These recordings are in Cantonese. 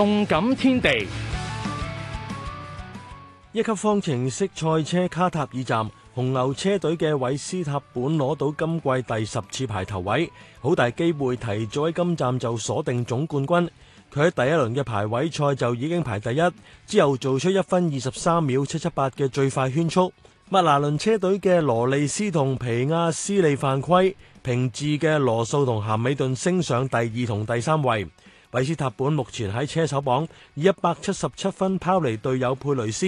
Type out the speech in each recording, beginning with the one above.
動感天地，一級方程式賽車卡塔爾站，紅牛車隊嘅韋斯塔本攞到今季第十次排頭位，好大機會提早喺今站就鎖定總冠軍。佢喺第一輪嘅排位賽就已經排第一，之後做出一分二十三秒七七八嘅最快圈速。麥拿倫車隊嘅羅利斯同皮亞斯利犯規，平治嘅羅素同咸美頓升上第二同第三位。韋斯塔本目前喺車手榜以一百七十七分拋離隊友佩雷斯，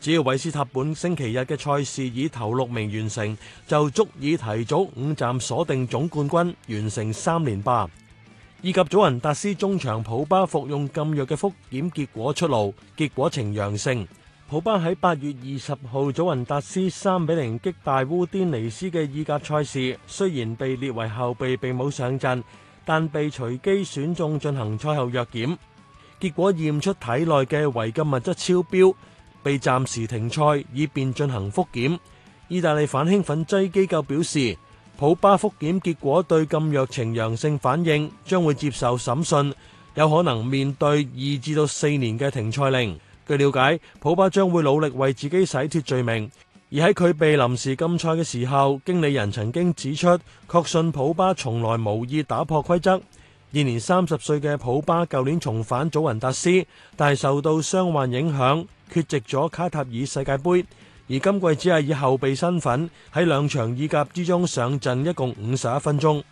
只要韋斯塔本星期日嘅賽事以頭六名完成，就足以提早五站鎖定總冠軍，完成三連霸。以及祖雲達斯中場普巴服用禁藥嘅複檢結果出爐，結果呈陽性。普巴喺八月二十號祖雲達斯三比零擊敗烏甸尼斯嘅意甲賽事，雖然被列為後備，並冇上陣。但被隨機選中進行賽後藥檢，結果驗出體內嘅違禁物質超標，被暫時停賽，以便進行覆檢。意大利反興奮劑機構表示，普巴覆檢結果對禁藥呈陽性反應，將會接受審訊，有可能面對二至到四年嘅停賽令。據了解，普巴將會努力為自己洗脫罪名。而喺佢被臨時禁賽嘅時候，經理人曾經指出，確信普巴從來無意打破規則。現年三十歲嘅普巴舊年重返祖雲達斯，但係受到傷患影響缺席咗卡塔爾世界盃，而今季只係以後備身份喺兩場意甲之中上陣，一共五十一分鐘。